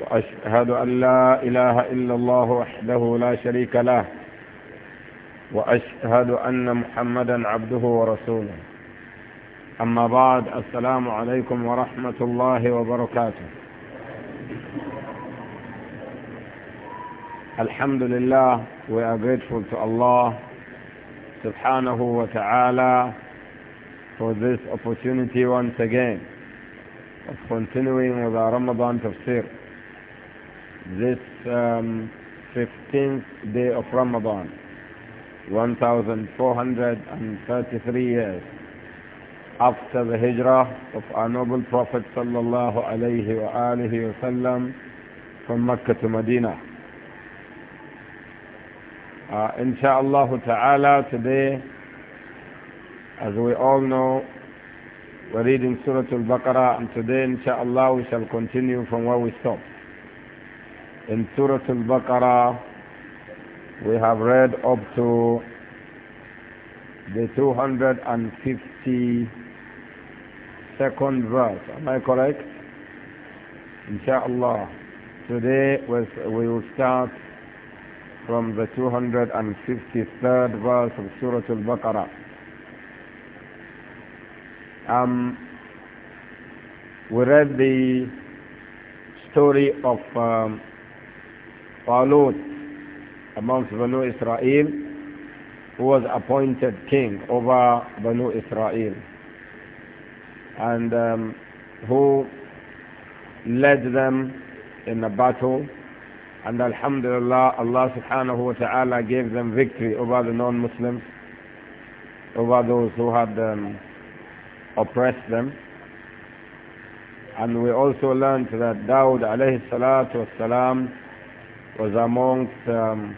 وأشهد أن لا إله إلا الله وحده لا شريك له وأشهد أن محمدا عبده ورسوله أما بعد السلام عليكم ورحمة الله وبركاته الحمد لله we are grateful to Allah سبحانه وتعالى for this opportunity once again of continuing with our Ramadan tafsir. this um, 15th day of Ramadan, 1433 years after the hijrah of our noble Prophet sallallahu alayhi wa alihi wa sallam from Mecca to Medina. Uh, Insha'Allah ta'ala today, as we all know, we're reading Surah Al-Baqarah and today inshallah we shall continue from where we stopped in Surah Al-Baqarah, we have read up to the 252nd verse. Am I correct? Insha'Allah. Today we will start from the 253rd verse of Surah Al-Baqarah. Um, we read the story of um, Lord, amongst Banu Israel, who was appointed king over Banu Israel, and um, who led them in a battle. And Alhamdulillah, Allah subhanahu wa ta'ala gave them victory over the non-Muslims, over those who had um, oppressed them. And we also learned that Dawud alayhi salatu salam was amongst um,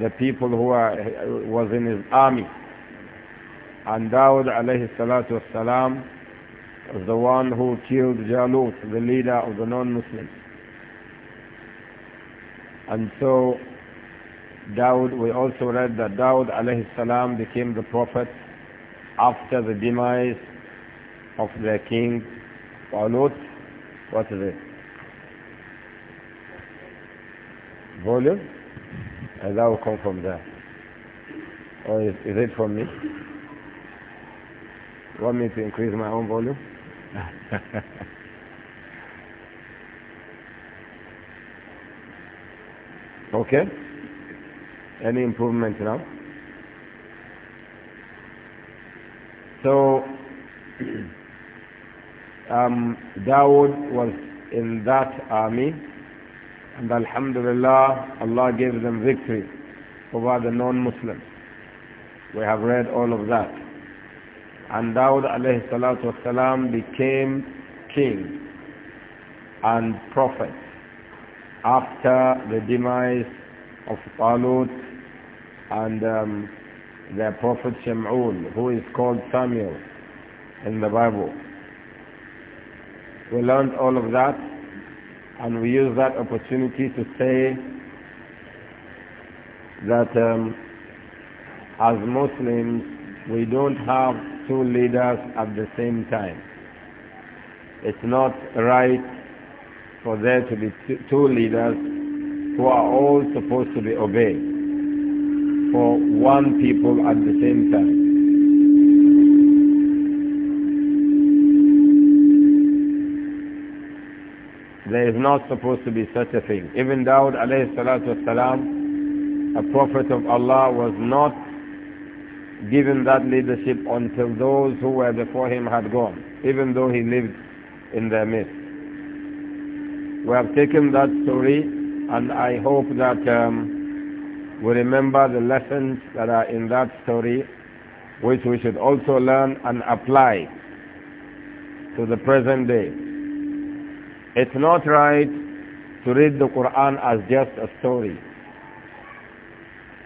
the people who are, was in his army. And Dawud alayhi salatu wasalam was the one who killed Jalut, the leader of the non-Muslims. And so Dawud, we also read that Dawud alayhi salam became the prophet after the demise of their king Jalut. What is it? volume and that will come from there or oh, is, is it from me want me to increase my own volume okay any improvement now so um, Dawood was in that army and Alhamdulillah, Allah gave them victory over the non-Muslims. We have read all of that. And Dawud alayhi salatu wasalam became king and prophet after the demise of Talut and um, their prophet Shem'ul, who is called Samuel in the Bible. We learned all of that and we use that opportunity to say that um, as Muslims, we don't have two leaders at the same time. It's not right for there to be two leaders who are all supposed to be obeyed for one people at the same time. There is not supposed to be such a thing. Even Dawud alayhi salatu wasalam, a prophet of Allah, was not given that leadership until those who were before him had gone, even though he lived in their midst. We have taken that story and I hope that um, we remember the lessons that are in that story which we should also learn and apply to the present day. It's not right to read the Quran as just a story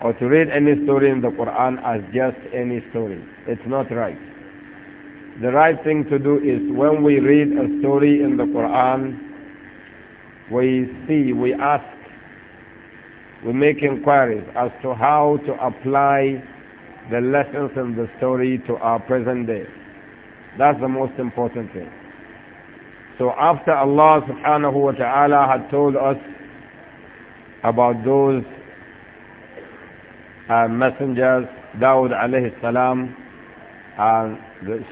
or to read any story in the Quran as just any story. It's not right. The right thing to do is when we read a story in the Quran, we see, we ask, we make inquiries as to how to apply the lessons in the story to our present day. That's the most important thing. So after Allah subhanahu wa ta'ala had told us about those uh, messengers, Dawud alayhi salam and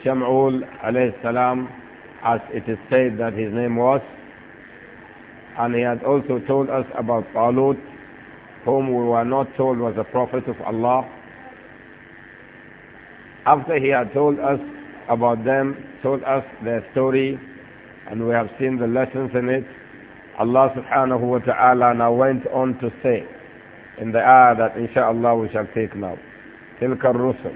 Sham'ul alayhi salam, as it is said that his name was. And he had also told us about Talut, whom we were not told was a prophet of Allah. After he had told us about them, told us their story, and we have seen the lessons in it. Allah subhanahu wa ta'ala now went on to say in the ayah that inshaAllah we shall take now. تلك الرسل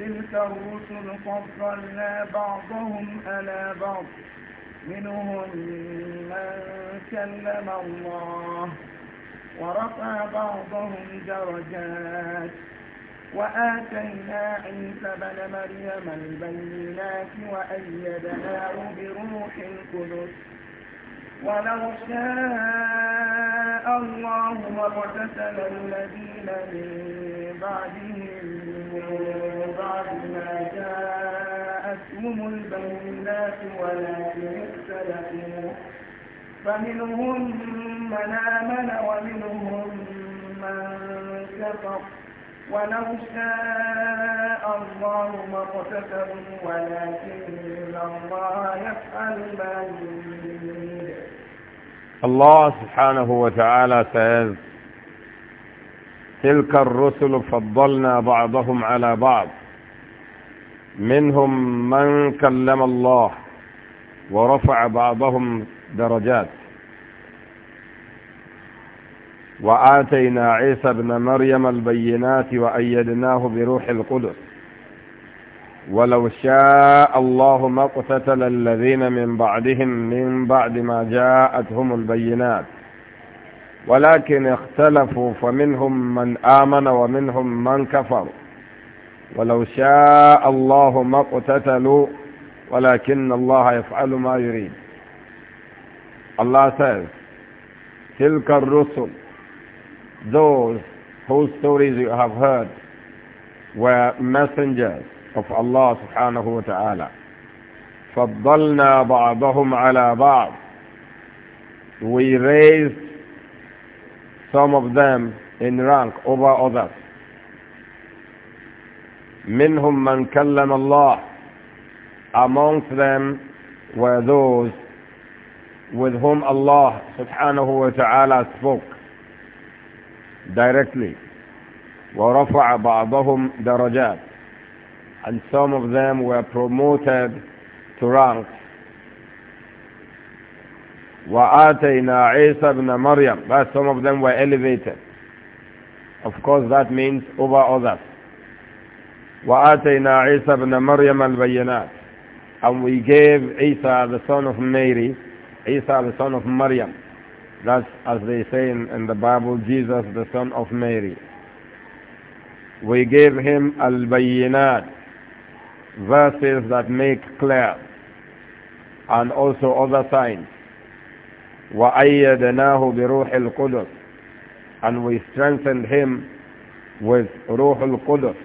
تلك الرسل فضلنا بعضهم على بعض منهم من كلم الله ورفع بعضهم درجات وآتينا عيسى بن مريم البينات وأيدناه بروح القدس ولو شاء الله ما الذين من بعدهم من بعد ما جاءتهم البينات ولكن اختلفوا فمنهم من آمن ومنهم من كفر ولو شاء الله ما اقتتلوا ولكن الله يفعل ما يريد الله سبحانه وتعالى says تلك الرسل فضلنا بعضهم على بعض منهم من كلم الله ورفع بعضهم درجات وآتينا عيسى ابن مريم البينات وأيدناه بروح القدس ولو شاء الله ما اقتتل الذين من بعدهم من بعد ما جاءتهم البينات ولكن اختلفوا فمنهم من آمن ومنهم من كفر ولو شاء الله ما اقتتلوا ولكن الله يفعل ما يريد Allah says, تِلْكَ الرُّسُلُ Those whose stories you have heard were messengers of Allah subhanahu wa ta'ala. فَضَّلْنَا بَعْضَهُمْ عَلَى بَعْضٍ We raised some of them in rank over others. منهم من كلم الله amongst them were those with whom Allah subhanahu wa ta'ala spoke directly. وَرَفَعَ بَعْضَهُمْ دَرَجَاتٍ And some of them were promoted to rank. وَآتَيْنَا عِيسَى بْنَ مَرْيَمَ But some of them were elevated. Of course that means over others. وَآتَيْنَا عِيسَى بْنَ مَرْيَمَ الْبَيِّنَاتِ And we gave Isa, the son of Mary, Isa the son of Maryam. That's as they say in, in the Bible, Jesus the son of Mary. We gave him al-bayyinat, verses that make clear, and also other signs. وَأَيَّدَنَاهُ بِرُوحِ الْقُدُسِ And we strengthened him with Ruh al-Qudus.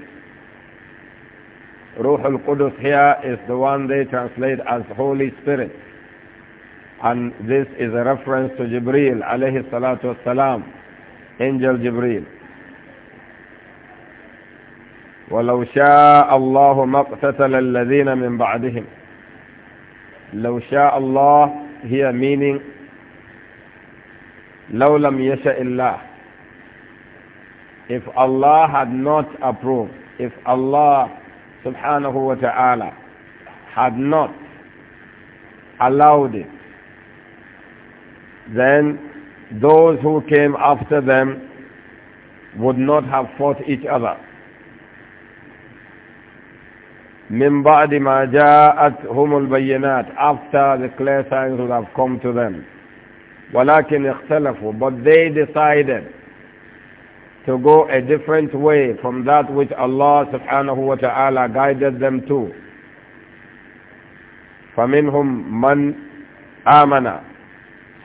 Ruh al-Qudus here is the one they translate as Holy Spirit. And this is a reference to Jibreel alayhi salatu wasalam, angel Jibreel. ولو شاء الله مَقْتَتَلَ الذين من بعدهم لو شاء الله here meaning لو لم يشاء الله if Allah had not approved if Allah subhanahu wa ta'ala had not allowed it then those who came after them would not have fought each other. من بعد ما البينات after the clear signs would have come to them ولكن اختلفوا but they decided to go a different way from that which Allah subhanahu wa ta'ala guided them to فمنهم من آمن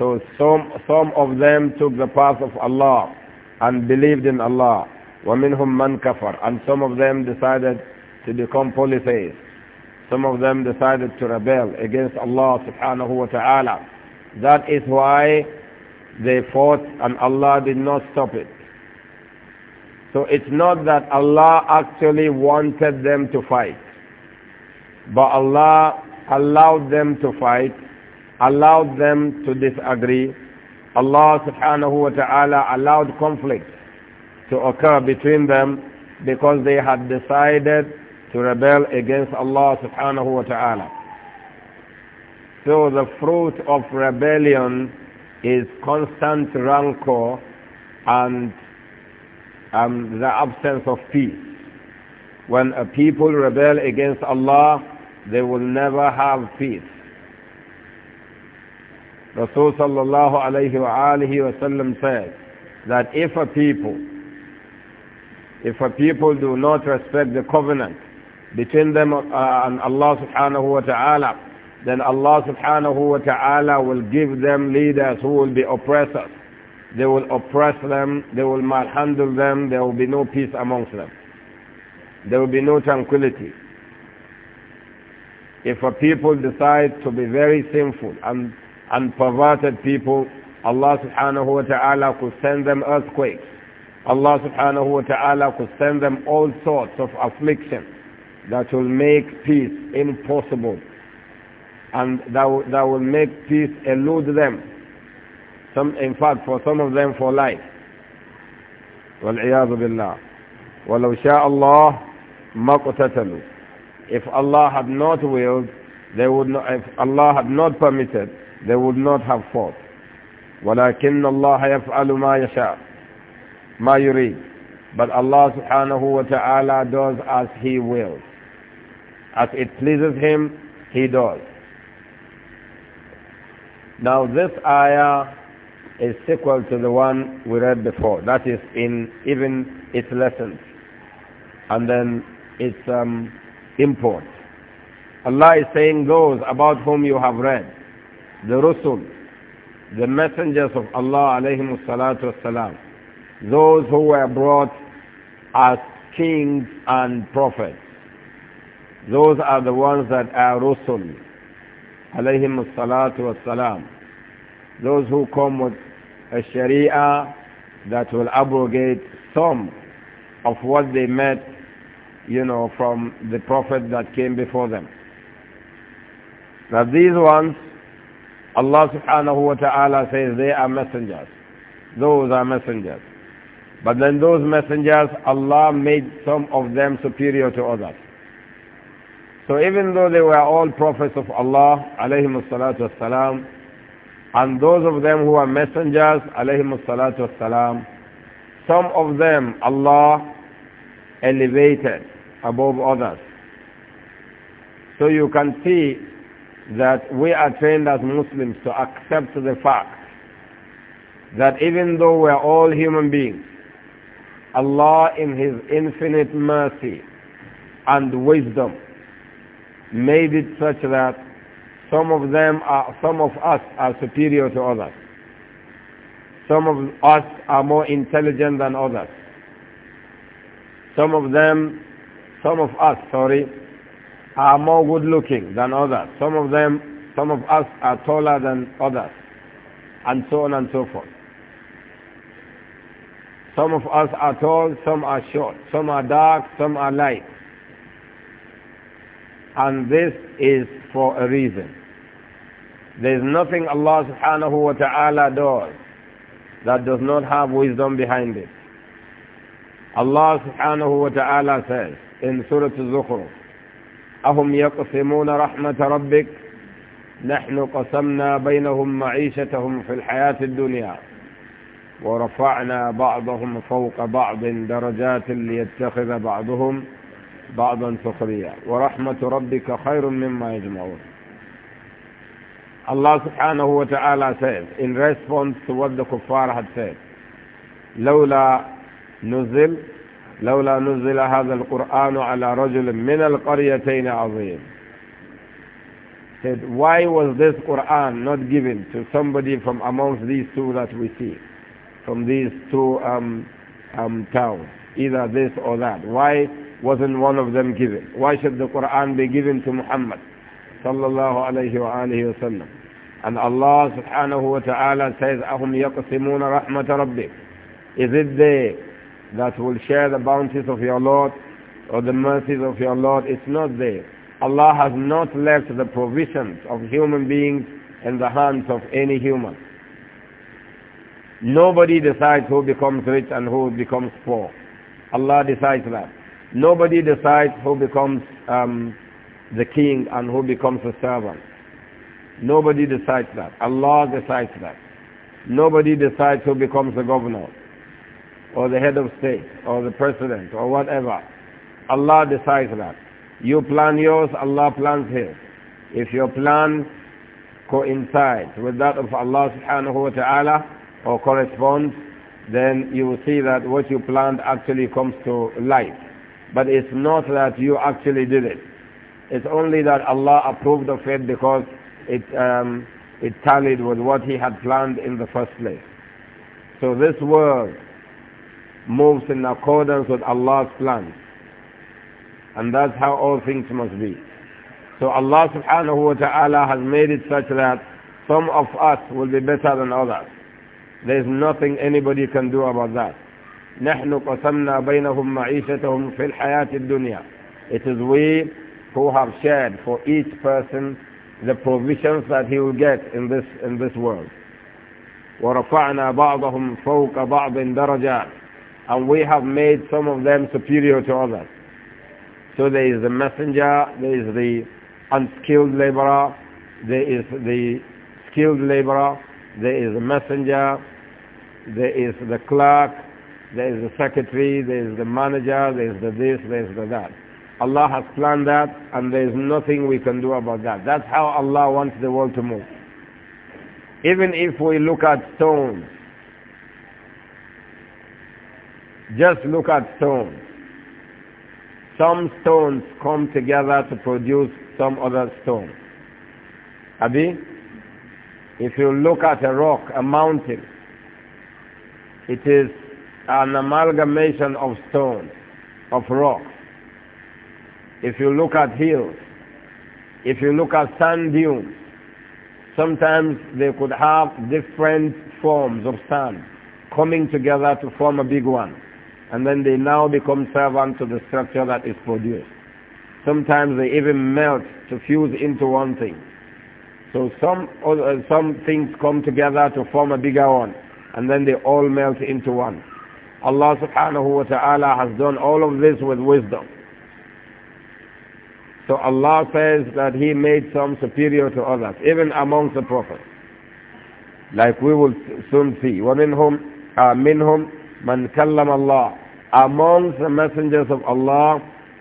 so some, some of them took the path of Allah and believed in Allah. وَمِنْهُمْ مَنْ كَفَرْ And some of them decided to become polytheists. Some of them decided to rebel against Allah subhanahu wa ta'ala. That is why they fought and Allah did not stop it. So it's not that Allah actually wanted them to fight, but Allah allowed them to fight allowed them to disagree. Allah subhanahu wa ta'ala allowed conflict to occur between them because they had decided to rebel against Allah subhanahu wa ta'ala. So the fruit of rebellion is constant rancor and um, the absence of peace. When a people rebel against Allah, they will never have peace. Rasul sallallahu alayhi wa alihi wa sallam said that if a people, if a people do not respect the covenant between them uh, and Allah subhanahu wa ta'ala, then Allah subhanahu wa ta'ala will give them leaders who will be oppressors. They will oppress them, they will mishandle them, there will be no peace amongst them. There will be no tranquility. If a people decide to be very sinful and and perverted people, Allah subhanahu wa ta'ala could send them earthquakes. Allah subhanahu wa ta'ala could send them all sorts of affliction that will make peace impossible and that will, that will make peace elude them. Some, in fact, for some of them for life. وَالْعِيَاذُ بِاللَّهِ وَلَوْ شَاءَ اللَّهُ مَا If Allah had not willed, they would not, if Allah had not permitted, they would not have fought. وَلَكِنَّ اللَّهَ يَفْعَلُ مَا يَشَاءُ مَا يُرِيدُ But Allah subhanahu wa ta'ala does as He wills. As it pleases Him, He does. Now this ayah is sequel to the one we read before. That is in even its lessons. And then its um, import. Allah is saying those about whom you have read the Rusul, the messengers of Allah alayhi salatu wasalam, those who were brought as kings and prophets. Those are the ones that are Rusul alayhi salatu wasalam. Those who come with a Sharia that will abrogate some of what they met, you know, from the prophet that came before them. Now these ones Allah subhanahu wa ta'ala says they are messengers. Those are messengers. But then those messengers, Allah made some of them superior to others. So even though they were all prophets of Allah, alayhim salatu and those of them who are messengers, alayhim salatu some of them Allah elevated above others. So you can see that we are trained as Muslims to accept the fact that even though we are all human beings, Allah in His infinite mercy and wisdom made it such that some of them are, some of us are superior to others. Some of us are more intelligent than others. Some of them, some of us, sorry, are more good looking than others. Some of them, some of us are taller than others. And so on and so forth. Some of us are tall, some are short, some are dark, some are light. And this is for a reason. There is nothing Allah subhanahu wa ta'ala does that does not have wisdom behind it. Allah subhanahu wa ta'ala says in Surah Al-Zukhruf, أهم يقسمون رحمة ربك نحن قسمنا بينهم معيشتهم في الحياة الدنيا ورفعنا بعضهم فوق بعض درجات ليتخذ بعضهم بعضا سخريا ورحمة ربك خير مما يجمعون الله سبحانه وتعالى ta'ala says in response to what the kuffar had said لولا نزل لولا نزل هذا القرآن على رجل من القريتين عظيم said why was this Quran not given to somebody from amongst these two that we see from these two um, um, towns either this or that why wasn't one of them given why should the Quran be given to Muhammad صلى الله عليه وآله وسلم and Allah subhanahu wa ta'ala says أهم يقسمون رحمة ربك is it there that will share the bounties of your Lord or the mercies of your Lord. It's not there. Allah has not left the provisions of human beings in the hands of any human. Nobody decides who becomes rich and who becomes poor. Allah decides that. Nobody decides who becomes um, the king and who becomes a servant. Nobody decides that. Allah decides that. Nobody decides who becomes the governor or the head of state or the president or whatever. Allah decides that. You plan yours, Allah plans his. If your plan coincides with that of Allah subhanahu wa ta'ala or corresponds, then you will see that what you planned actually comes to life. But it's not that you actually did it. It's only that Allah approved of it because it, um, it tallied with what He had planned in the first place. So this world moves in accordance with Allah's plans. And that's how all things must be. So Allah subhanahu wa ta'ala has made it such that some of us will be better than others. There is nothing anybody can do about that. نحن قسمنا بينهم معيشتهم في الحياة الدنيا. It is we who have shared for each person the provisions that he will get in this, in this world. ورفعنا بعضهم فوق بعض درجات and we have made some of them superior to others. So there is the messenger, there is the unskilled laborer, there is the skilled laborer, there is the messenger, there is the clerk, there is the secretary, there is the manager, there is the this, there is the that. Allah has planned that and there is nothing we can do about that. That's how Allah wants the world to move. Even if we look at stones, Just look at stones. Some stones come together to produce some other stone. Abi, if you look at a rock, a mountain, it is an amalgamation of stones, of rocks. If you look at hills, if you look at sand dunes, sometimes they could have different forms of sand coming together to form a big one and then they now become servant to the structure that is produced. Sometimes they even melt to fuse into one thing. So some, uh, some things come together to form a bigger one, and then they all melt into one. Allah subhanahu wa ta'ala has done all of this with wisdom. So Allah says that He made some superior to others, even amongst the prophets. Like we will soon see. وَمِنْهُمْ uh, مِنْهُمْ مَنْ كَلَّمَ اللَّهُ among the messengers of Allah,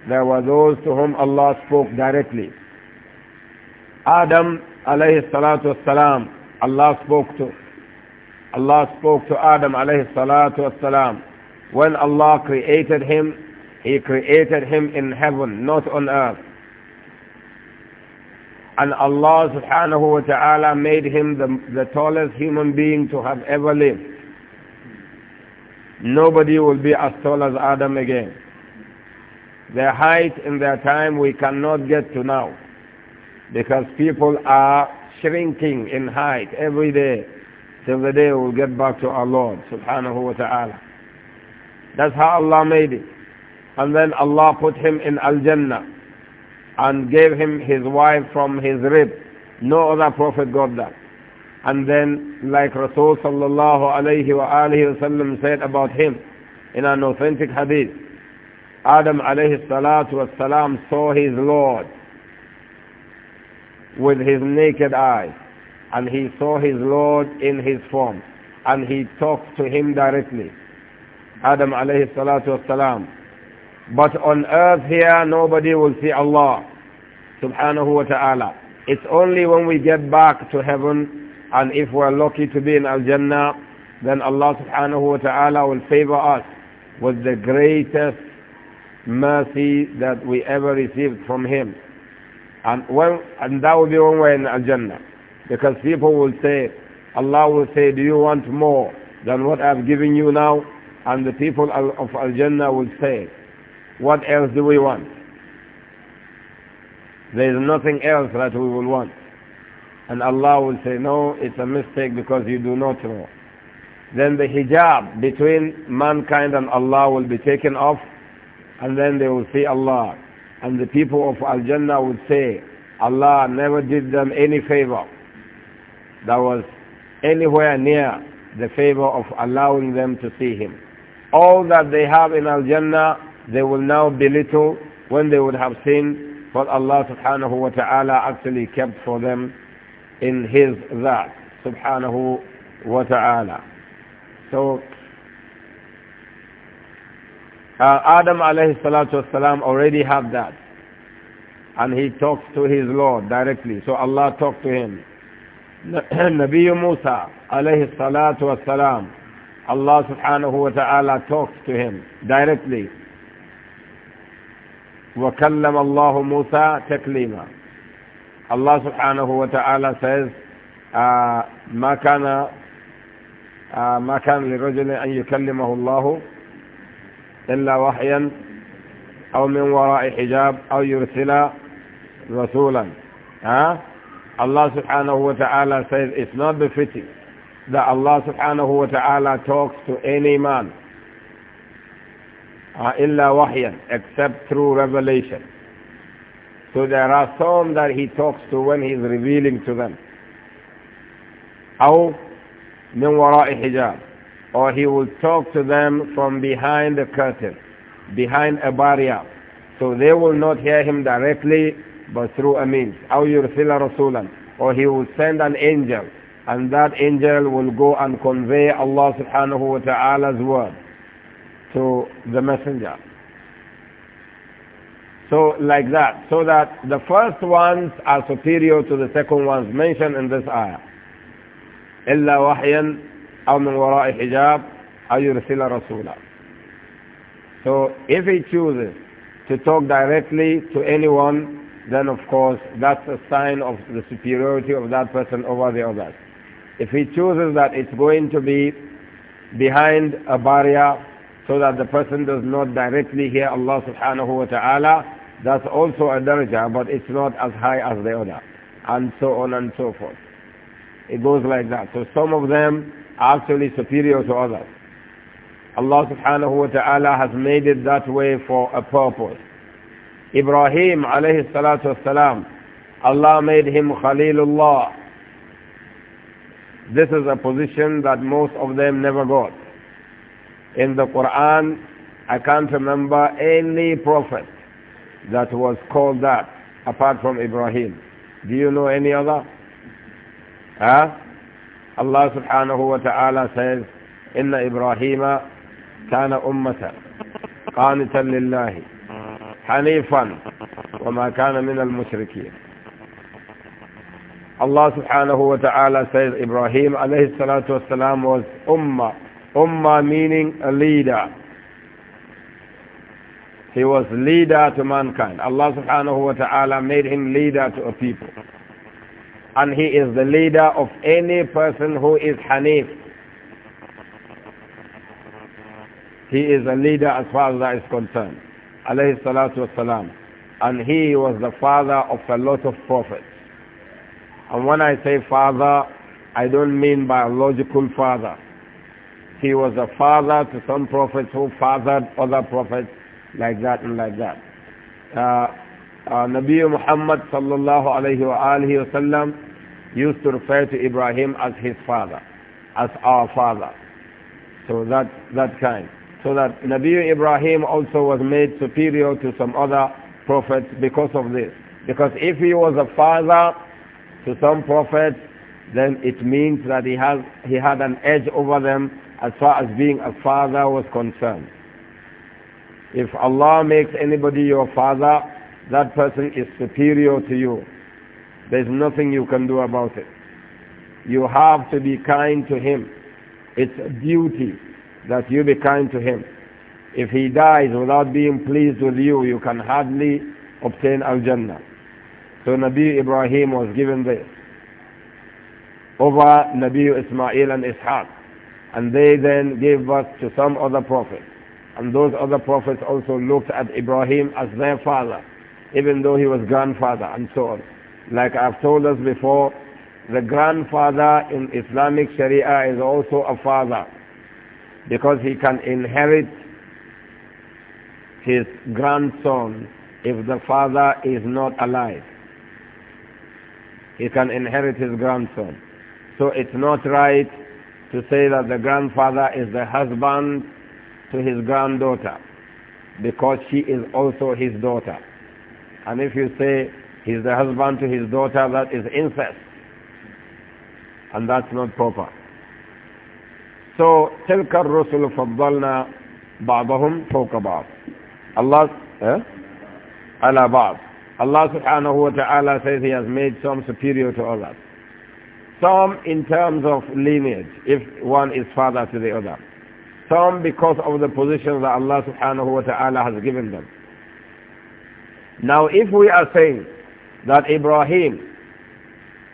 there were those to whom Allah spoke directly. Adam alayhi salatu wasalam, Allah spoke to. Allah spoke to Adam alayhi salatu wasalam. When Allah created him, He created him in heaven, not on earth. And Allah subhanahu wa ta'ala made him the, the tallest human being to have ever lived. Nobody will be as tall as Adam again. Their height in their time we cannot get to now because people are shrinking in height every day till the day we'll get back to our Lord subhanahu wa ta'ala. That's how Allah made it. And then Allah put him in Al-Jannah and gave him his wife from his rib. No other prophet got that. And then, like Rasul sallallahu alayhi wa said about him in an authentic hadith, Adam alayhi salatu saw his Lord with his naked eyes, and he saw his Lord in his form, and he talked to him directly. Adam alayhi salatu But on earth here, nobody will see Allah subhanahu wa ta'ala. It's only when we get back to heaven and if we're lucky to be in Al-Jannah, then Allah subhanahu wa ta'ala will favor us with the greatest mercy that we ever received from Him. And, and that will be one way in Al-Jannah. Because people will say, Allah will say, do you want more than what I've given you now? And the people of Al-Jannah will say, what else do we want? There is nothing else that we will want. And Allah will say, no, it's a mistake because you do not know. Then the hijab between mankind and Allah will be taken off and then they will see Allah. And the people of Al-Jannah would say, Allah never did them any favor that was anywhere near the favor of allowing them to see Him. All that they have in Al-Jannah, they will now belittle when they would have seen what Allah subhanahu wa ta'ala actually kept for them in his that subhanahu wa ta'ala. So uh, Adam alayhi salatu wasalam already had that. And he talks to his Lord directly. So Allah talked to him. Nabi Musa alayhi salatu wasalam. Allah subhanahu wa ta'ala talks to him directly. Wa وَكَلَّمَ Allah Musa تَكْلِيمًا Allah subhanahu wa ta'ala says, ما كان ما كان لرجل أن يكلمه الله إلا وحيا أو من وراء حجاب أو يرسل رسولا Ah, ah Allah subhanahu wa ta'ala says it's not befitting that Allah subhanahu wa ta'ala talks to any man إلا ah, وحيا except through revelation so there are some that he talks to when he is revealing to them. أو من وراء حجاب or he will talk to them from behind a curtain, behind a barrier. So they will not hear him directly, but through a means. أو يرسل رسولا or he will send an angel, and that angel will go and convey Allah subhanahu wa ta'ala's word to the messenger. So like that. So that the first ones are superior to the second ones mentioned in this ayah. إلا وحيا أو من وراء حجاب أو يرسل رسولا. So if he chooses to talk directly to anyone, then of course that's a sign of the superiority of that person over the others. If he chooses that it's going to be behind a barrier so that the person does not directly hear Allah subhanahu wa ta'ala, that's also a daraja, but it's not as high as the other. And so on and so forth. It goes like that. So some of them are actually superior to others. Allah subhanahu wa ta'ala has made it that way for a purpose. Ibrahim alayhi salatu wasalam, Allah made him Khalilullah. This is a position that most of them never got. In the Quran, I can't remember any prophet that was called that apart from Ibrahim. Do you know any other? Huh? Allah subhanahu wa ta'ala says, إِنَّ إِبْرَاهِيمَ كَانَ أُمَّةً قَانِتًا لِلَّهِ حَنِيفًا وَمَا كَانَ مِنَ الْمُشْرِكِينَ Allah subhanahu wa ta'ala says Ibrahim alayhi salatu was ummah. Ummah meaning a leader. He was leader to mankind. Allah subhanahu wa ta'ala made him leader to a people. And he is the leader of any person who is Hanif. He is a leader as far as that is concerned. Alayhi salatu wasalam. And he was the father of a lot of prophets. And when I say father, I don't mean biological father. He was a father to some prophets who fathered other prophets like that and like that. Uh, uh, Nabi Muhammad sallallahu alayhi wa wasallam used to refer to Ibrahim as his father, as our father. So that, that kind. So that Nabi Ibrahim also was made superior to some other prophets because of this. Because if he was a father to some prophets, then it means that he, has, he had an edge over them as far as being a father was concerned. If Allah makes anybody your father, that person is superior to you. There's nothing you can do about it. You have to be kind to him. It's a duty that you be kind to him. If he dies without being pleased with you, you can hardly obtain Al-Jannah. So Nabi Ibrahim was given this over Nabi Ismail and Ishaq. And they then gave birth to some other prophets. And those other prophets also looked at Ibrahim as their father, even though he was grandfather and so on. Like I've told us before, the grandfather in Islamic Sharia is also a father because he can inherit his grandson if the father is not alive. He can inherit his grandson. So it's not right to say that the grandfather is the husband to his granddaughter because she is also his daughter. And if you say he's the husband to his daughter, that is incest. And that's not proper. So, تلك الرسل فضلنا بعضهم فوق بعض. Allah, eh? بعض. Allah subhanahu wa ta'ala says he has made some superior to others. Some in terms of lineage, if one is father to the other. Some because of the position that Allah subhanahu wa ta'ala has given them. Now if we are saying that Ibrahim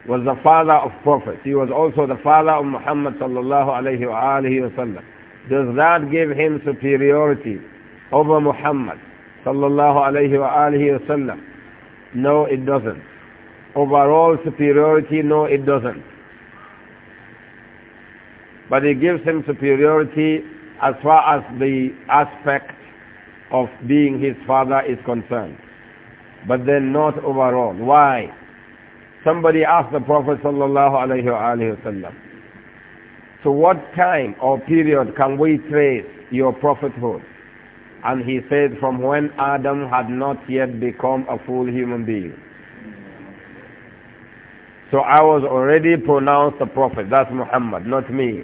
was the father of prophets, he was also the father of Muhammad sallallahu alayhi wa alihi wa does that give him superiority over Muhammad sallallahu alayhi wa alihi wa No, it doesn't. Overall superiority, no, it doesn't but it gives him superiority as far as the aspect of being his father is concerned. But then not overall. Why? Somebody asked the Prophet sallallahu alayhi sallam, to what time or period can we trace your prophethood? And he said, from when Adam had not yet become a full human being. So I was already pronounced a prophet. That's Muhammad, not me.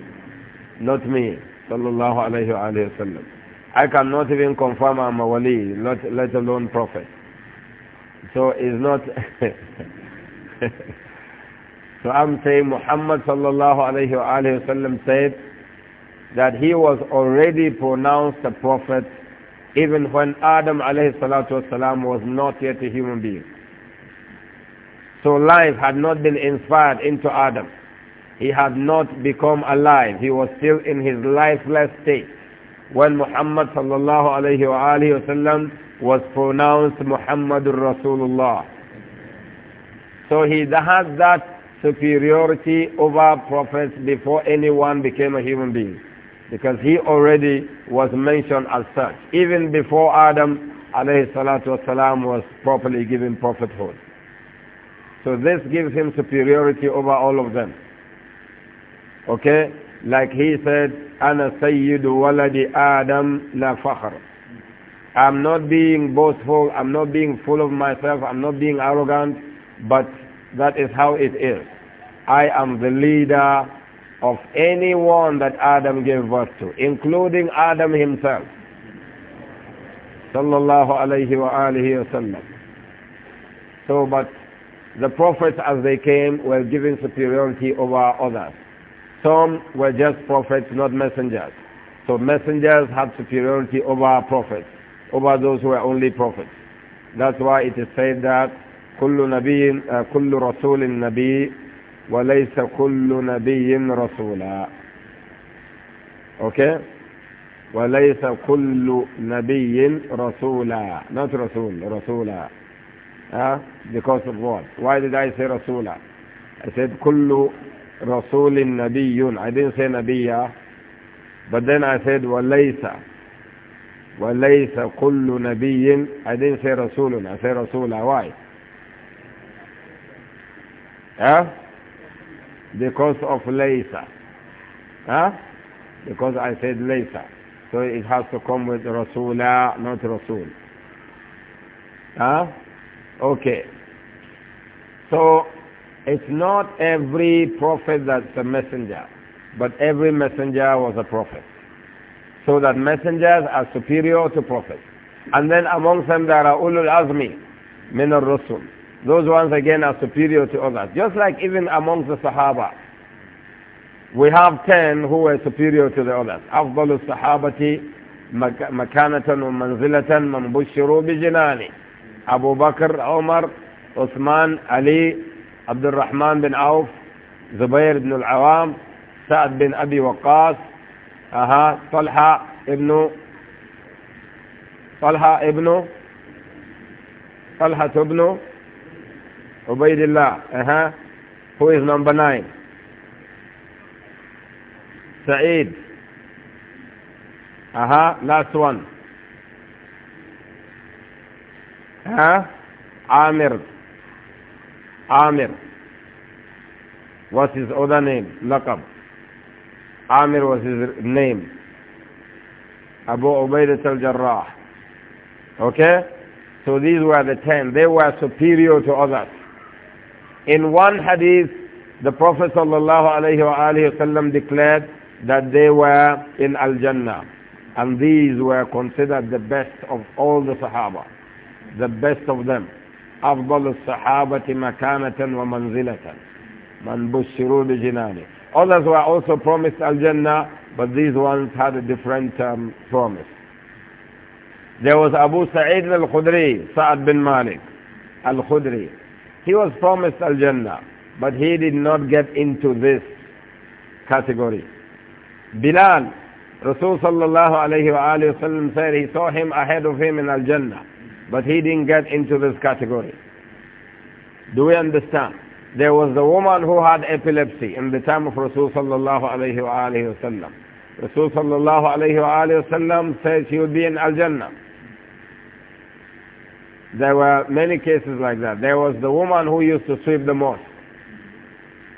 Not me sallallahu alayhi wa sallam. I cannot even confirm I'm a wali, let alone prophet. So it's not... so I'm saying Muhammad sallallahu alayhi wa sallam said that he was already pronounced a prophet even when Adam alayhi salatu wasalam was not yet a human being. So life had not been inspired into Adam he had not become alive. He was still in his lifeless state. When Muhammad sallallahu alayhi wa alayhi was pronounced Muhammadur Rasulullah. So he had that superiority over prophets before anyone became a human being. Because he already was mentioned as such. Even before Adam alayhi salatu wasalam was properly given prophethood. So this gives him superiority over all of them. Okay? Like he said, أَنَا سَيِّدُ وَلَدِ آدَمْ لَا فَخْرٍ I'm not being boastful, I'm not being full of myself, I'm not being arrogant, but that is how it is. I am the leader of anyone that Adam gave birth to, including Adam himself. Sallallahu alayhi wa alihi wasallam. So, but the prophets as they came were given superiority over others. Some were just prophets, not messengers. So messengers had superiority over prophets, over those who were only prophets. That's why it is said that كل نبي كل رسول نبي وليس كل نبي رسولا. Okay? وليس كل نبي رسولا not رسول رسولا Uh, because of what why did I say رسولا I said كل Rasulin Nabiyun. I didn't say Nabiya, but then I said Walaysa. Walaysa kullu Nabiyin. I didn't say Rasulun, I said Rasula. Why? Yeah? Because of Laysa. Huh? Because I said Laysa. So it has to come with Rasula, not Rasul. Huh? Okay. So it's not every prophet that's a messenger, but every messenger was a prophet. So that messengers are superior to prophets. And then amongst them there are ulul azmi, min al-rusul. Those ones again are superior to others. Just like even amongst the Sahaba, we have ten who were superior to the others. أفضل الصحابة مكانة manzilatan man بشروا بجناني أبو بكر عمر عثمان عبد الرحمن بن عوف زبير بن العوام سعد بن أبي وقاص أها طلحة ابن طلحة ابن طلحة ابن عبيد الله أها who is number nine سعيد أها last one ها عامر Amir. What's his other name? Laqab. Amir was his name. Abu Ubaidat al-Jarrah. Okay? So these were the ten. They were superior to others. In one hadith, the Prophet ﷺ declared that they were in Al-Jannah. And these were considered the best of all the Sahaba. The best of them. أفضل الصحابة مكانة ومنزلة من بشروا بجنانه Others were also promised Al-Jannah, but these ones had a different um, promise. There was Abu Sa'id al-Khudri, Sa'ad bin Malik al-Khudri. He was promised Al-Jannah, but he did not get into this category. Bilal, Rasul sallallahu alayhi wa said he saw him ahead of him in Al-Jannah. But he didn't get into this category. Do we understand? There was the woman who had epilepsy in the time of Rasulullah sallallahu alayhi wa alayhi wa sallam. Rasul sallallahu alayhi wa alayhi wa sallam said she would be in Al-Jannah. There were many cases like that. There was the woman who used to sweep the mosque.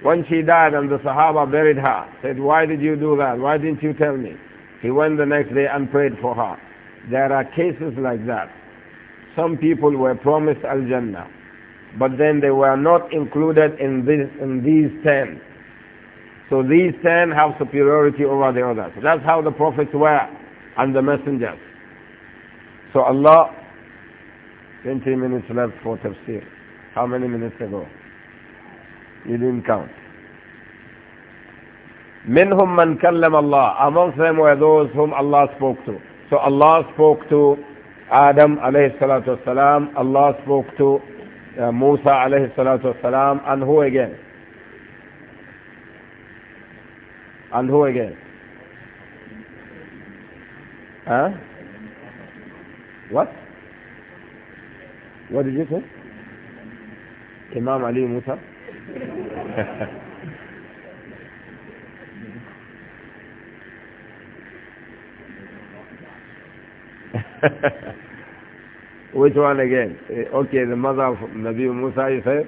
When she died and the Sahaba buried her, said, why did you do that? Why didn't you tell me? He went the next day and prayed for her. There are cases like that some people were promised Al-Jannah, but then they were not included in, this, in these ten. So these ten have superiority over the others. That's how the prophets were and the messengers. So Allah, 20 minutes left for tafsir. How many minutes ago? You didn't count. منهم من كلم الله amongst them were those whom Allah spoke to so Allah spoke to Adam عليه salatu wasalam, Allah spoke to uh, Musa alayhi salatu and who again? And who again? Huh? What? What did you say? Imam Ali Musa? Which one again? Eh, okay, the mother of Nabi Musa, you say?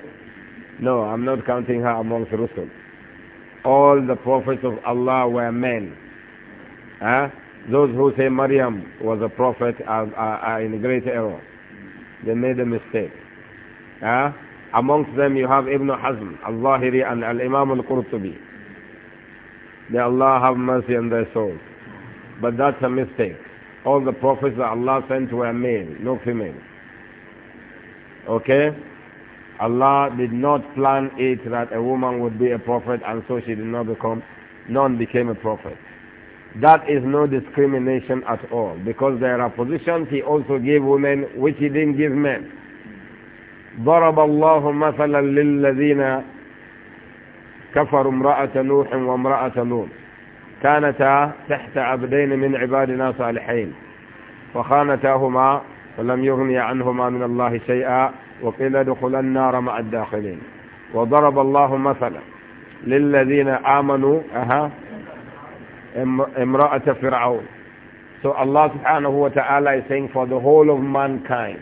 No, I'm not counting her amongst Rusul. All the prophets of Allah were men. Huh? Those who say Maryam was a prophet are, are, are in great error. They made a mistake. Huh? Amongst them you have Ibn Hazm, Al-Zahiri and Al-Imam Al-Qurtubi. May Allah have mercy on their souls. But that's a mistake. All the prophets that Allah sent were male, no female. Okay? Allah did not plan it that a woman would be a prophet and so she did not become, none became a prophet. That is no discrimination at all because there are positions he also gave women which he didn't give men. ضرب الله مثلا للذين كفروا امرأة نوح وامرأة لوط كانتا تحت عبدين من عبادنا صالحين فخانتاهما فلم يغني عنهما من الله شيئا وقيل ادخلا النار مع الداخلين وضرب الله مثلا للذين آمنوا أها امرأة فرعون So Allah subhanahu wa ta'ala is saying for the whole of mankind,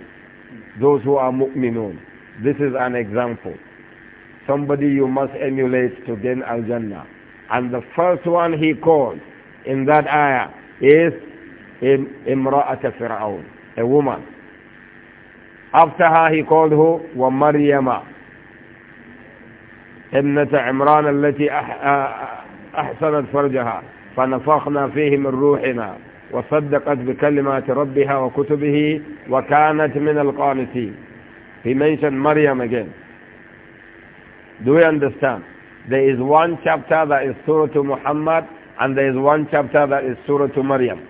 those who are mu'minun, this is an example. Somebody you must emulate to gain al-Jannah. And the first one he called in that ayah is Imra'at Fir'aun, a woman. After her he called who? وَمَرْيَمَا ابنة عمران التي أحسنت فرجها فنفخنا فيه من روحنا وصدقت بكلمات ربها وكتبه وكانت من القانتين. He mentioned Maryam again. Do we understand? There is one chapter that is Surah to Muhammad and there is one chapter that is Surah to Maryam.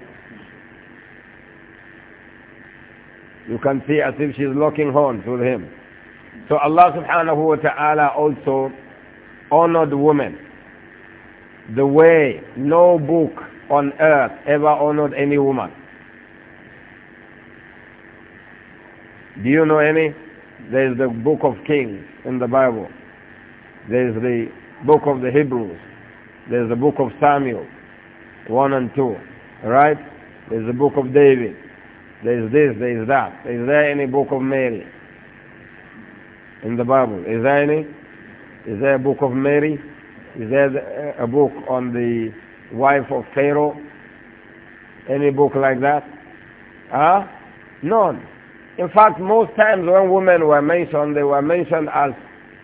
You can see as if she's locking horns with him. So Allah subhanahu wa ta'ala also honored women the way no book on earth ever honored any woman. Do you know any? There is the book of Kings in the Bible. There is the book of the Hebrews. There's the book of Samuel, 1 and 2, right? There's the book of David. There's this, there's that. Is there any book of Mary in the Bible? Is there any? Is there a book of Mary? Is there a book on the wife of Pharaoh? Any book like that? Huh? None. In fact, most times when women were mentioned, they were mentioned as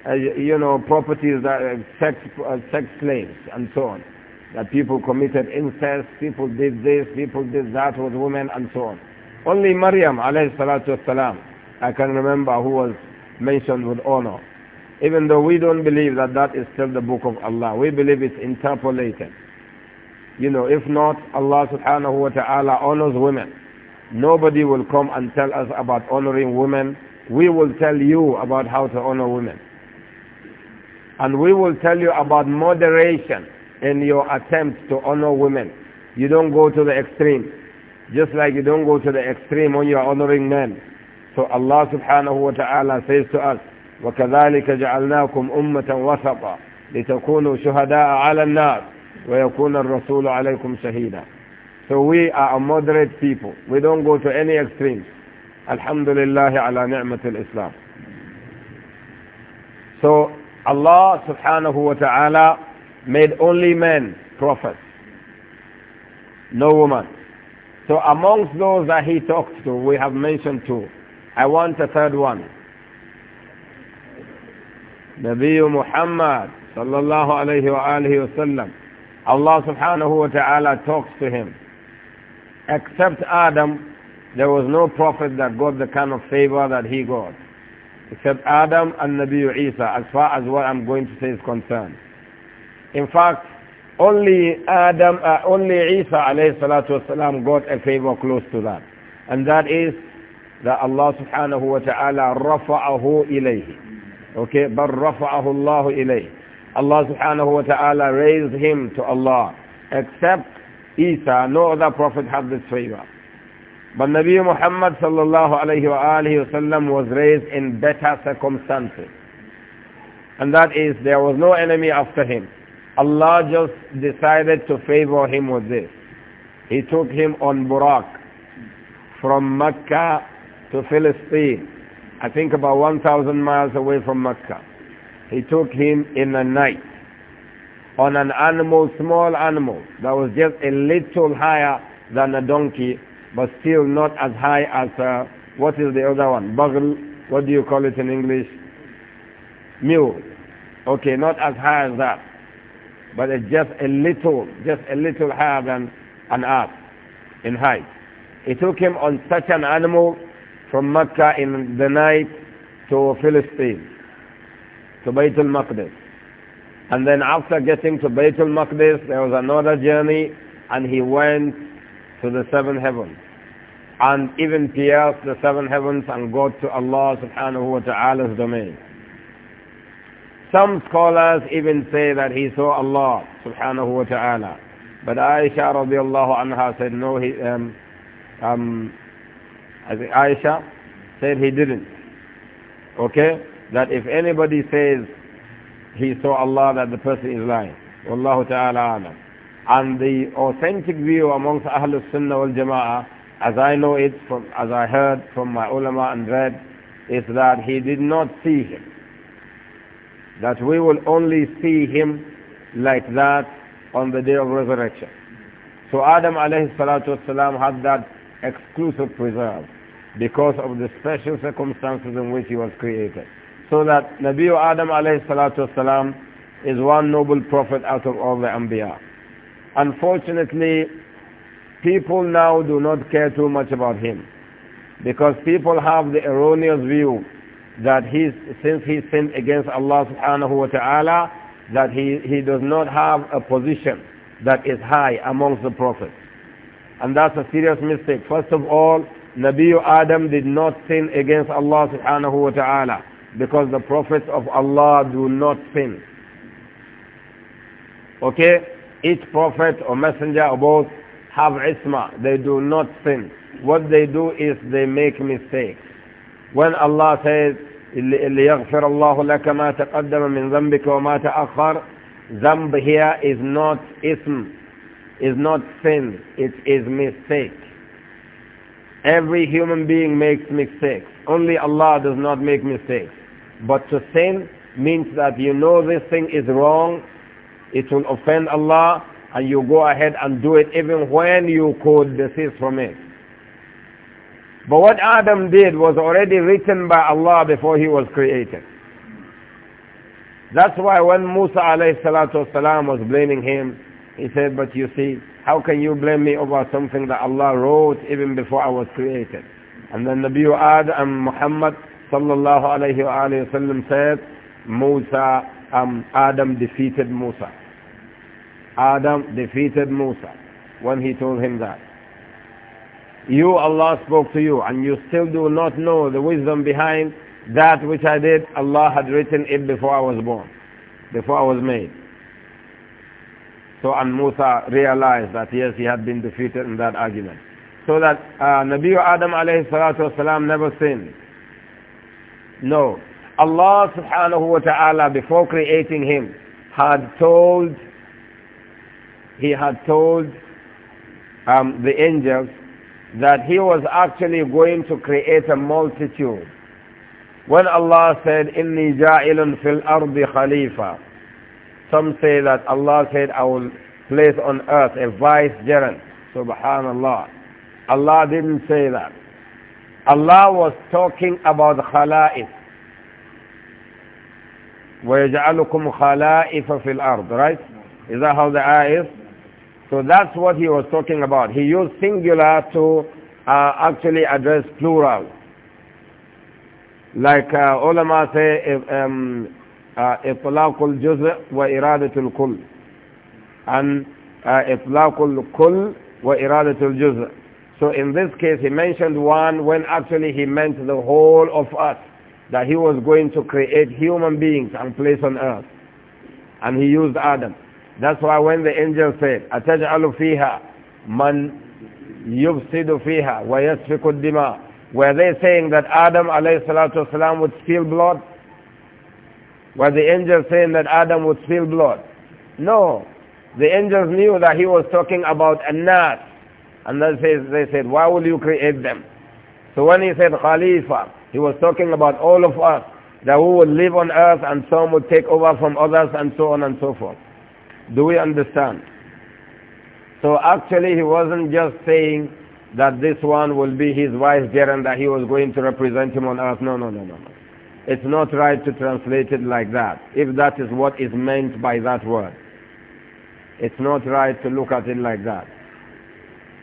uh, you know, properties that uh, sex, uh, sex slaves and so on. That people committed incest, people did this, people did that with women and so on. Only Maryam alayhi salatu wasalam, I can remember who was mentioned with honor. Even though we don't believe that that is still the book of Allah. We believe it's interpolated. You know, if not, Allah subhanahu wa ta'ala honors women. Nobody will come and tell us about honoring women. We will tell you about how to honor women. And we will tell you about moderation in your attempt to honor women. You don't go to the extreme. Just like you don't go to the extreme when you are honoring men. So Allah subhanahu wa ta'ala says to us, وَكَذَلِكَ جَعَلْنَاكُمْ أُمَّةً وَسَطًا لِتَكُونُوا شُهَدَاءَ عَلَى النَّاسِ وَيَكُونَ الرَّسُولُ عَلَيْكُمْ شَهِيدًا So we are a moderate people. We don't go to any extremes. Alhamdulillah ala ni'mat al-Islam. So Allah subhanahu wa ta'ala made only men prophets, no woman. So amongst those that he talked to, we have mentioned two. I want a third one. Nabi Muhammad sallallahu alayhi wa alihi wasallam. Allah subhanahu wa ta'ala talks to him. Except Adam, there was no prophet that got the kind of favor that he got except Adam and Nabi Isa, as far as what I'm going to say is concerned. In fact, only Adam, uh, only Isa alayhi salatu wasalam got a favor close to that. And that is that Allah subhanahu wa ta'ala rafa'ahu ilayhi. Okay, but rafa'ahu Allah ilayhi. Allah subhanahu wa ta'ala raised him to Allah. Except Isa, no other prophet had this favor. But Nabi Muhammad sallallahu alayhi wa alihi wasallam was raised in better circumstances. And that is, there was no enemy after him. Allah just decided to favor him with this. He took him on Burak from Mecca to Philistine. I think about 1,000 miles away from Mecca. He took him in the night on an animal, small animal, that was just a little higher than a donkey but still not as high as, uh, what is the other one? Bagl, what do you call it in English? Mule. Okay, not as high as that, but it's just a little, just a little higher than an ass in height. He took him on such an animal from Mecca in the night to Philistine, to Bayt al-Maqdis. And then after getting to Bayt al-Maqdis, there was another journey, and he went to the seven heavens and even pierce the seven heavens and go to Allah subhanahu wa ta'ala's domain. Some scholars even say that he saw Allah subhanahu wa ta'ala. But Aisha radiallahu anha said no, he, um, um, Aisha said he didn't. Okay? That if anybody says he saw Allah, that the person is lying. Wallahu ta'ala alam. And the authentic view amongst Ahlul Sunnah wal Jama'ah, as I know it, from, as I heard from my ulama and read, is that he did not see him. That we will only see him like that on the day of resurrection. So Adam alayhi salatu wasalam had that exclusive preserve because of the special circumstances in which he was created. So that Nabi Adam alayhi salatu wasalam is one noble prophet out of all the Anbiya. Unfortunately, people now do not care too much about him because people have the erroneous view that since he sinned against Allah subhanahu wa ta'ala, that he, he does not have a position that is high amongst the prophets. And that's a serious mistake. First of all, Nabi Adam did not sin against Allah subhanahu wa ta'ala because the prophets of Allah do not sin. Okay? Each prophet or messenger or both have isma. They do not sin. What they do is they make mistakes. When Allah says, ليغفر الله لك ما تقدم من ذنبك وما تأخر ذنب here is not ism is not sin it is mistake every human being makes mistakes only Allah does not make mistakes but to sin means that you know this thing is wrong it will offend Allah and you go ahead and do it even when you could desist from it. But what Adam did was already written by Allah before he was created. That's why when Musa alayhi was blaming him, he said, but you see, how can you blame me over something that Allah wrote even before I was created? And then Nabi Ad and Muhammad sallallahu alayhi wa sallam said, Musa um, Adam defeated Musa. Adam defeated Musa when he told him that. You, Allah spoke to you, and you still do not know the wisdom behind that which I did. Allah had written it before I was born, before I was made. So, and Musa realized that yes, he had been defeated in that argument. So that uh, Nabi Adam alayhi salatu wasalam never sinned. No, Allah subhanahu wa ta'ala before creating him had told he had told um, the angels that he was actually going to create a multitude. When Allah said, إِنِّي جَائِلٌ فِي الْأَرْضِ خَلِيفَةً Some say that Allah said, I will place on earth a vicegerent. Subhanallah. Allah didn't say that. Allah was talking about khala'is. وَيَجْعَلُكُمْ خَلَائِفَ فِي الْأَرْضِ Right? Is that how the ayah is? So that's what he was talking about. He used singular to uh, actually address plural. Like uh, ulama say, um, إطلاق الجزء وإرادة الكل and إطلاق الكل وإرادة الجزء so in this case he mentioned one when actually he meant the whole of us that he was going to create human beings and place on earth. And he used Adam. That's why when the angel said, أَتَجْعَلُ فِيهَا مَنْ يُفْسِدُ فِيهَا وَيَسْفِكُ الدِّمَاءِ Were they saying that Adam والسلام, would spill blood? Were the angels saying that Adam would spill blood? No. The angels knew that he was talking about a nas. And they said, why will you create them? So when he said Khalifa, he was talking about all of us, that we would live on earth and some would take over from others and so on and so forth. Do we understand? So actually he wasn't just saying that this one will be his vicegerent and that he was going to represent him on earth. No, no, no, no, no. It's not right to translate it like that, if that is what is meant by that word. It's not right to look at it like that.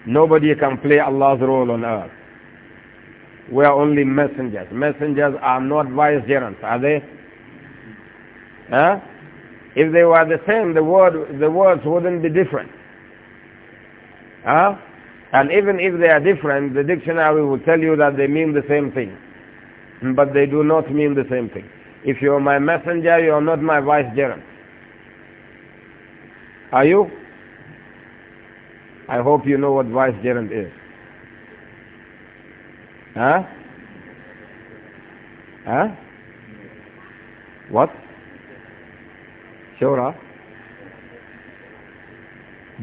Nobody can play Allah's role on earth. We are only messengers. Messengers are not vicegerents, are they? Huh? If they were the same, the, word, the words wouldn't be different. Huh? And even if they are different, the dictionary will tell you that they mean the same thing. But they do not mean the same thing. If you are my messenger, you are not my vicegerent. Are you? I hope you know what vicegerent is. Huh? Huh? What? Shura?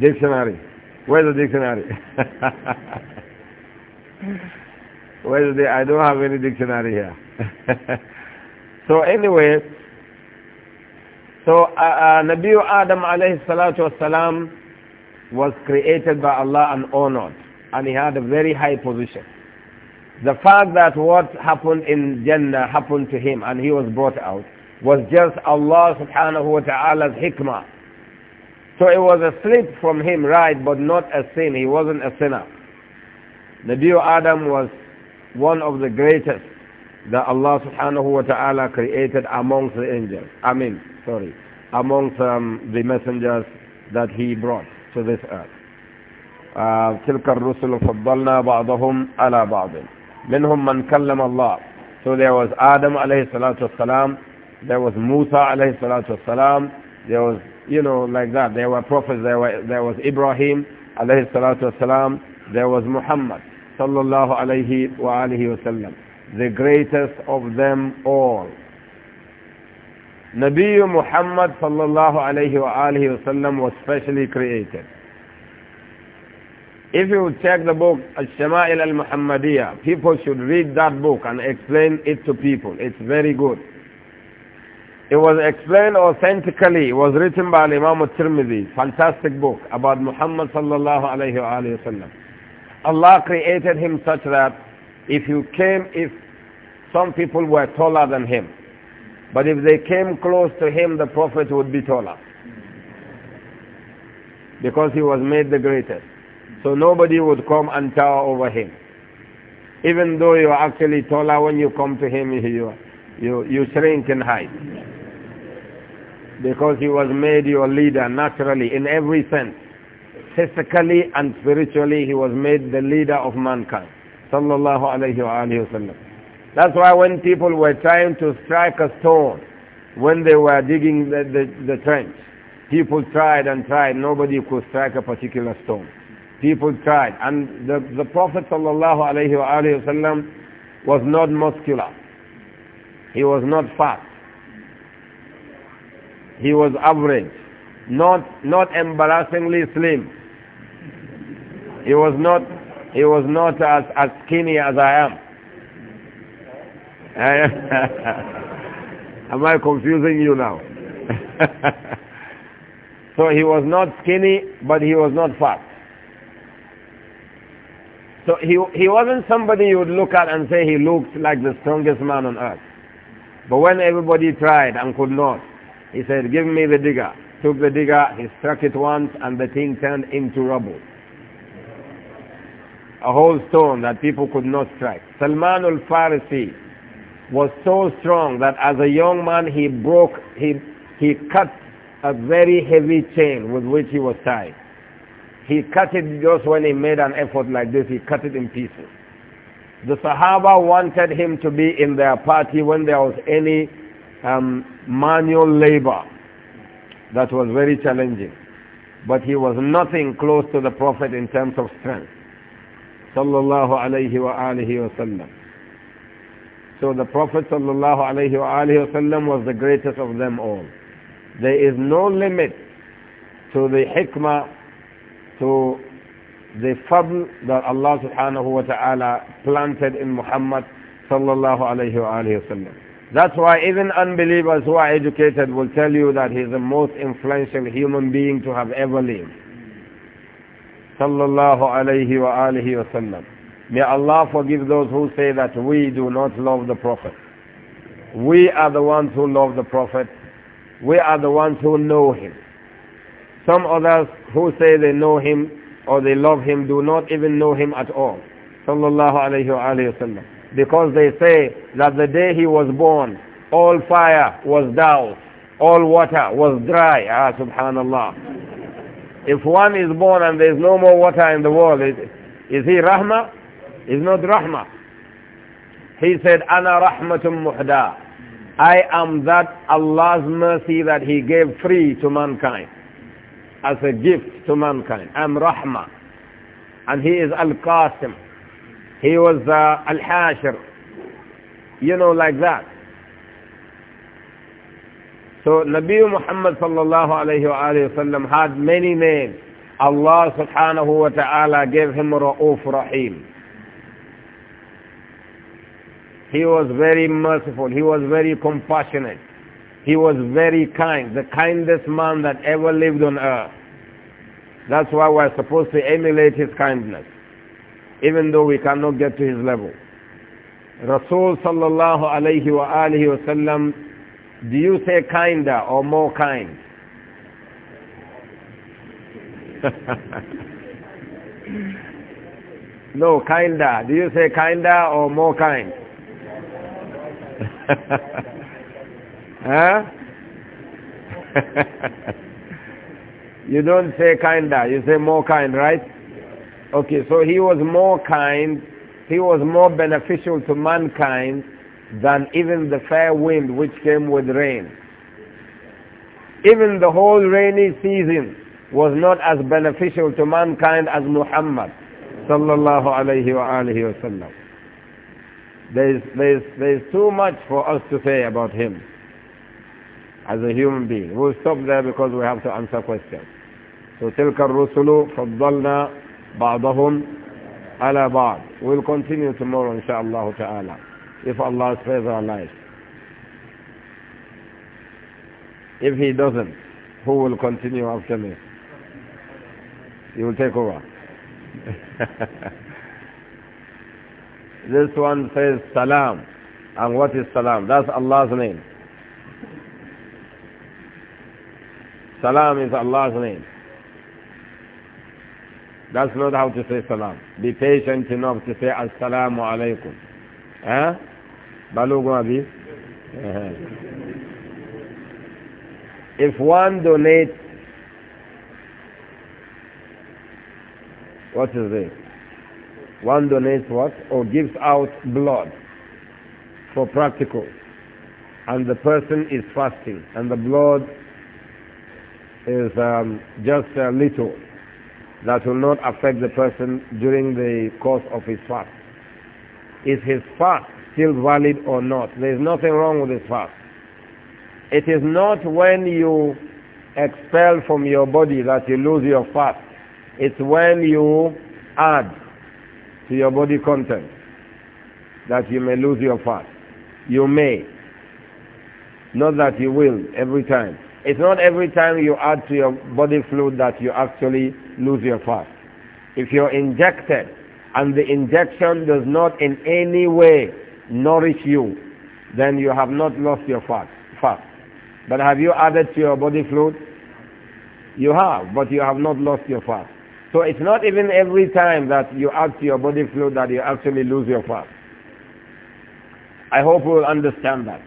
Dictionary. Where's the dictionary? Where's the, I don't have any dictionary here. so anyway, so uh, uh, Nabi Adam alayhi salatu wasalam was created by Allah and honored. And he had a very high position. The fact that what happened in Jannah happened to him and he was brought out was just Allah subhanahu wa ta'ala's hikmah. So it was a slip from him, right, but not a sin. He wasn't a sinner. Nabi Adam was one of the greatest that Allah subhanahu wa ta'ala created amongst the angels. I mean, sorry, amongst um, the messengers that he brought to this earth. Uh, تلك الرسل فضلنا بعضهم على بعض منهم من كلم الله so there was Adam alayhi salatu wasalam there was Musa alayhi salatu wasalam there was you know like that there were prophets there were there was Ibrahim alayhi salatu wasalam there was Muhammad sallallahu alayhi wa وآله wasallam the greatest of them all Nabiyyu Muhammad sallallahu alayhi wa وآله wasallam was specially created if you take the book Al-Shama'il Al-Muhammadiyah, people should read that book and explain it to people. It's very good. It was explained authentically. It was written by Imam al-Tirmidhi. Fantastic book about Muhammad sallallahu alayhi wa sallam. Allah created him such that if you came, if some people were taller than him, but if they came close to him, the Prophet would be taller. Because he was made the greatest. So nobody would come and tower over him. Even though you are actually taller, when you come to him, you, you, you shrink in height. Because he was made your leader naturally, in every sense. Physically and spiritually, he was made the leader of mankind. Sallallahu alayhi wa That's why when people were trying to strike a stone, when they were digging the, the, the trench, people tried and tried, nobody could strike a particular stone. People tried. And the, the Prophet ﷺ was not muscular. He was not fat. He was average. Not, not embarrassingly slim. He was not, he was not as, as skinny as I am. am I confusing you now? so he was not skinny, but he was not fat. So he, he wasn't somebody you would look at and say he looked like the strongest man on earth. But when everybody tried and could not, he said, give me the digger. Took the digger, he struck it once and the thing turned into rubble. A whole stone that people could not strike. Salman al-Farisi was so strong that as a young man he broke, he, he cut a very heavy chain with which he was tied. He cut it just when he made an effort like this, he cut it in pieces. The Sahaba wanted him to be in their party when there was any um, manual labor. That was very challenging. But he was nothing close to the Prophet in terms of strength. Sallallahu alayhi wa alihi wa So the Prophet sallallahu alayhi wa alihi wa was the greatest of them all. There is no limit to the hikmah to the fadl that Allah subhanahu wa ta'ala planted in Muhammad sallallahu alayhi wa That's why even unbelievers who are educated will tell you that he's the most influential human being to have ever lived. Sallallahu alayhi wa May Allah forgive those who say that we do not love the Prophet. We are the ones who love the Prophet. We are the ones who know him. Some others who say they know him or they love him do not even know him at all. Sallallahu alayhi wa Because they say that the day he was born, all fire was doused, all water was dry. Ah, subhanallah. If one is born and there is no more water in the world, is, is he rahma? Is not rahma. He said, Ana rahmatum muhda. I am that Allah's mercy that he gave free to mankind as a gift to mankind. I'm Rahma. And he is Al-Qasim. He was uh, Al-Hashir. You know, like that. So Nabi Muhammad sallallahu alayhi wa sallam had many names. Allah subhanahu wa ta'ala gave him Ra'uf Rahim. He was very merciful. He was very compassionate. He was very kind, the kindest man that ever lived on earth. That's why we're supposed to emulate his kindness, even though we cannot get to his level. Rasul sallallahu alayhi wa alihi wa sallam, do you say kinder or more kind? no, kinder. Do you say kinder or more kind? Huh? you don't say kinder, you say more kind, right? Okay, so he was more kind, he was more beneficial to mankind than even the fair wind which came with rain. Even the whole rainy season was not as beneficial to mankind as Muhammad sallallahu alayhi wa wa sallam. There is, there, is, there is too much for us to say about him as a human being. We'll stop there because we have to answer questions. So تلك الرسل فضلنا بعضهم على بعض. We'll continue tomorrow insha'Allah ta'ala if Allah spares our lives. If he doesn't, who will continue after me? You will take over. this one says salam. And what is salam? That's Allah's name. Salam is Allah's name. That's not how to say salam. Be patient enough to say assalamu alaikum. Eh? Balogun Abi? Eh. If one donates, what is this? One donates what? Or gives out blood for practical. And the person is fasting. And the blood is um, just a little that will not affect the person during the course of his fast. Is his fast still valid or not? There is nothing wrong with his fast. It is not when you expel from your body that you lose your fast. It's when you add to your body content that you may lose your fast. You may. Not that you will every time. It's not every time you add to your body fluid that you actually lose your fast. If you're injected and the injection does not in any way nourish you, then you have not lost your fast. fast. But have you added to your body fluid? You have, but you have not lost your fast. So it's not even every time that you add to your body fluid that you actually lose your fast. I hope you will understand that.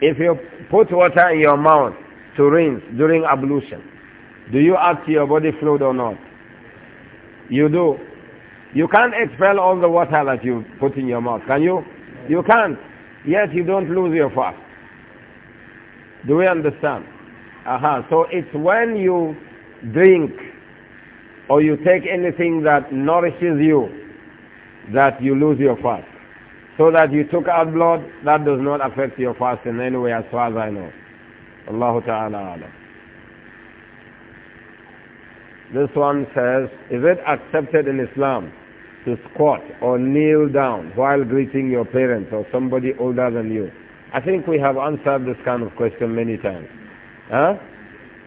If you put water in your mouth to rinse during ablution. Do you add to your body fluid or not? You do. You can't expel all the water that you put in your mouth, can you? You can't. Yet you don't lose your fast. Do we understand? Aha. So it's when you drink or you take anything that nourishes you that you lose your fast. So that you took out blood, that does not affect your fast in any way as far as I know. Allahu ta'ala alam. This one says, is it accepted in Islam to squat or kneel down while greeting your parents or somebody older than you? I think we have answered this kind of question many times. Huh?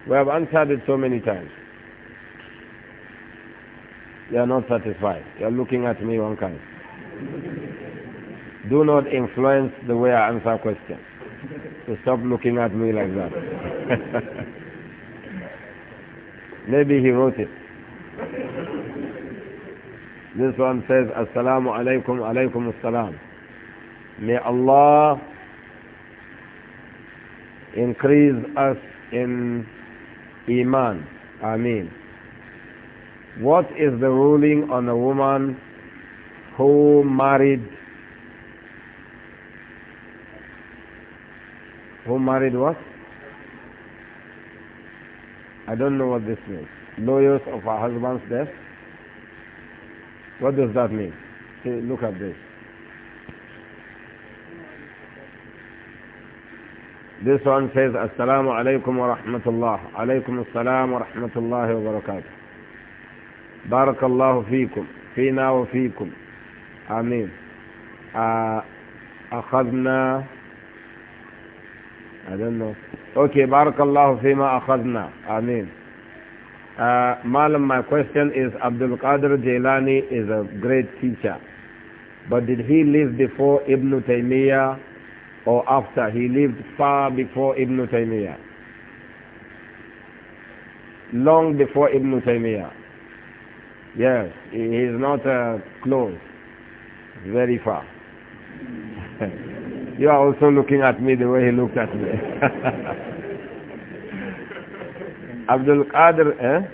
We have answered it so many times. You are not satisfied. You are looking at me one kind. Do not influence the way I answer questions. So stop looking at me like that. Maybe he wrote it. This one says, Assalamu alaikum, alaikum assalam. May Allah increase us in Iman. Ameen. What is the ruling on a woman who married Who married what? I don't know what this means. Lawyers of her husband's death? What does that mean? See, look at this. This one says, Assalamu alaikum wa rahmatullah. Alaykum assalam wa rahmatullahi wa barakatuh. بارك الله فيكم فينا وفيكم آمين أخذنا I don't know. Okay, barakallahu fima akhadna. Ameen. Uh, Malam, my question is Abdul Qadir Jailani is a great teacher, but did he live before Ibn Taymiyyah or after? He lived far before Ibn Taymiyyah. Long before Ibn Taymiyyah. Yes, he is not uh, close, very far. You are also looking at me the way he looked at me. Abdul Qadir, eh?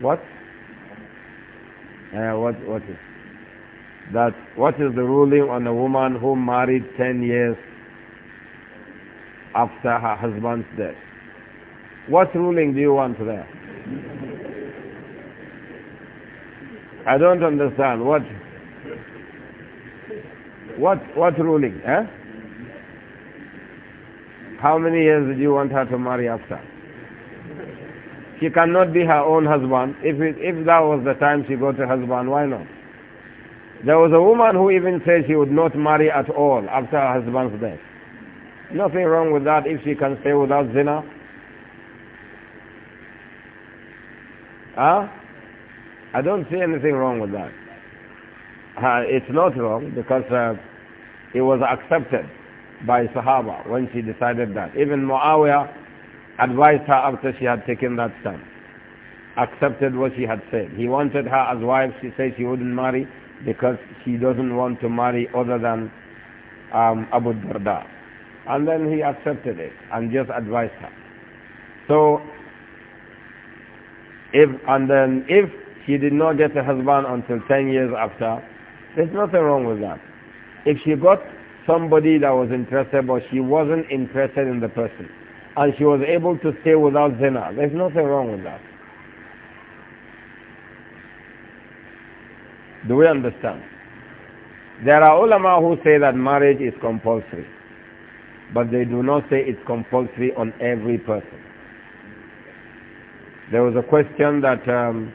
What? Uh, what, what is? That, what is the ruling on a woman who married 10 years after her husband's death? What ruling do you want there? I don't understand. What? What, what ruling? Eh? How many years do you want her to marry after? She cannot be her own husband. If, it, if that was the time she got a husband, why not? There was a woman who even said she would not marry at all after her husband's death. Nothing wrong with that if she can stay without zina. Huh? I don't see anything wrong with that uh, it's not wrong because uh, it was accepted by Sahaba when she decided that. Even Muawiyah advised her after she had taken that stand, accepted what she had said. He wanted her as wife. She said she wouldn't marry because she doesn't want to marry other than um, Abu Darda. And then he accepted it and just advised her. So, if, and then if she did not get a husband until 10 years after, there's nothing wrong with that. If she got somebody that was interested but she wasn't interested in the person and she was able to stay without zina, there's nothing wrong with that. Do we understand? There are ulama who say that marriage is compulsory, but they do not say it's compulsory on every person. There was a question that um,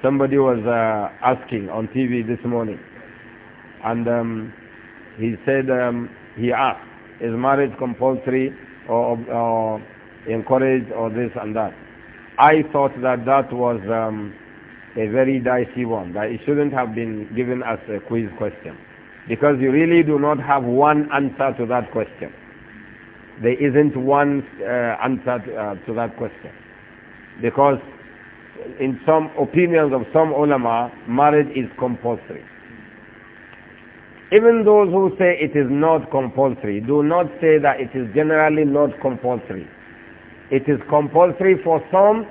somebody was uh, asking on TV this morning and um, he said, um, he asked, is marriage compulsory or, or, encouraged or this and that? I thought that that was um, a very dicey one, that it shouldn't have been given as a quiz question. Because you really do not have one answer to that question. There isn't one uh, answer to, uh, to that question. Because in some opinions of some ulama, marriage is compulsory. Even those who say it is not compulsory, do not say that it is generally not compulsory. It is compulsory for some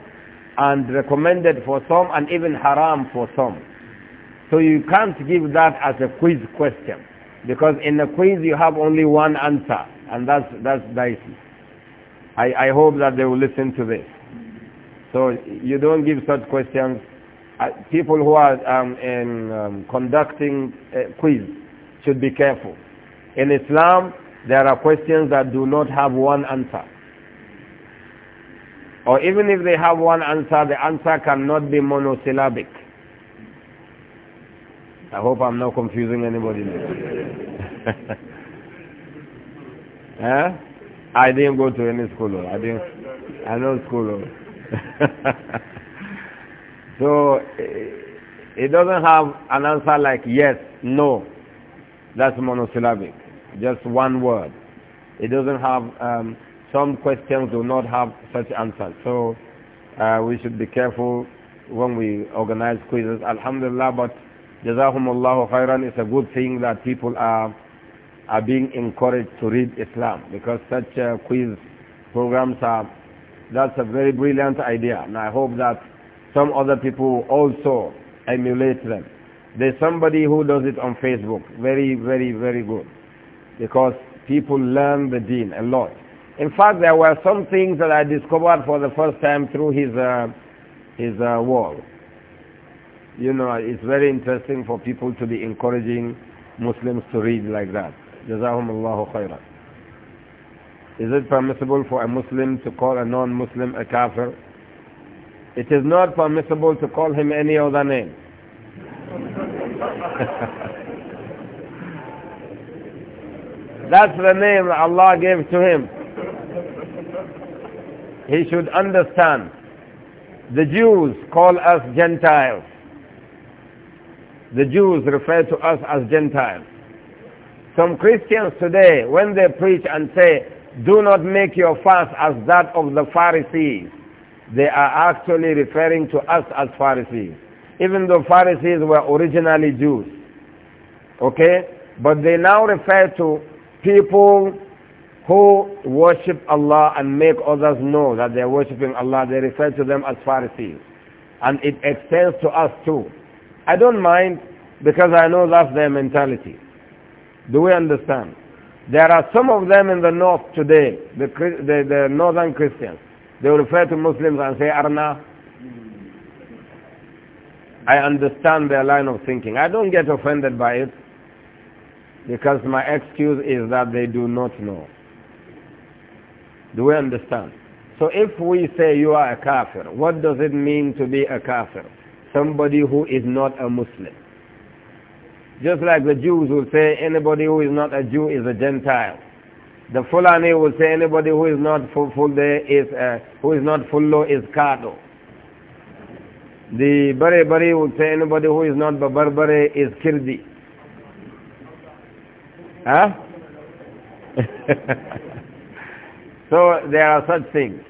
and recommended for some and even haram for some. So you can't give that as a quiz question because in a quiz you have only one answer and that's, that's dicey. I, I hope that they will listen to this. So you don't give such questions. Uh, people who are um, in, um, conducting a uh, quiz should be careful. In Islam, there are questions that do not have one answer. Or even if they have one answer, the answer cannot be monosyllabic. I hope I'm not confusing anybody. eh? I didn't go to any school. Oh. I didn't. I know school. Oh. so eh, it doesn't have an answer like yes, no. That's monosyllabic, just one word. It doesn't have, um, some questions do not have such answers. So uh, we should be careful when we organize quizzes. Alhamdulillah, but Jazakumullahu khairan, it's a good thing that people are, are being encouraged to read Islam because such uh, quiz programs are, that's a very brilliant idea. And I hope that some other people also emulate them. There's somebody who does it on Facebook. Very, very, very good. Because people learn the deen a lot. In fact, there were some things that I discovered for the first time through his, uh, his uh, wall. You know, it's very interesting for people to be encouraging Muslims to read like that. جزاهم Is it permissible for a Muslim to call a non-Muslim a kafir? It is not permissible to call him any other name. That's the name Allah gave to him. He should understand. The Jews call us Gentiles. The Jews refer to us as Gentiles. Some Christians today, when they preach and say, do not make your fast as that of the Pharisees, they are actually referring to us as Pharisees even though Pharisees were originally Jews. Okay? But they now refer to people who worship Allah and make others know that they are worshipping Allah. They refer to them as Pharisees. And it extends to us too. I don't mind because I know that's their mentality. Do we understand? There are some of them in the north today, the, the, the northern Christians. They refer to Muslims and say, Arna, I understand their line of thinking. I don't get offended by it because my excuse is that they do not know. Do we understand? So if we say you are a kafir, what does it mean to be a kafir? Somebody who is not a Muslim. Just like the Jews will say anybody who is not a Jew is a Gentile. The Fulani will say anybody who is not Fulde is a, uh, who is not Fullo is Kado. The Bare Bare would say anybody who is not Babar Bare is Kirdi. Huh? so there are such things.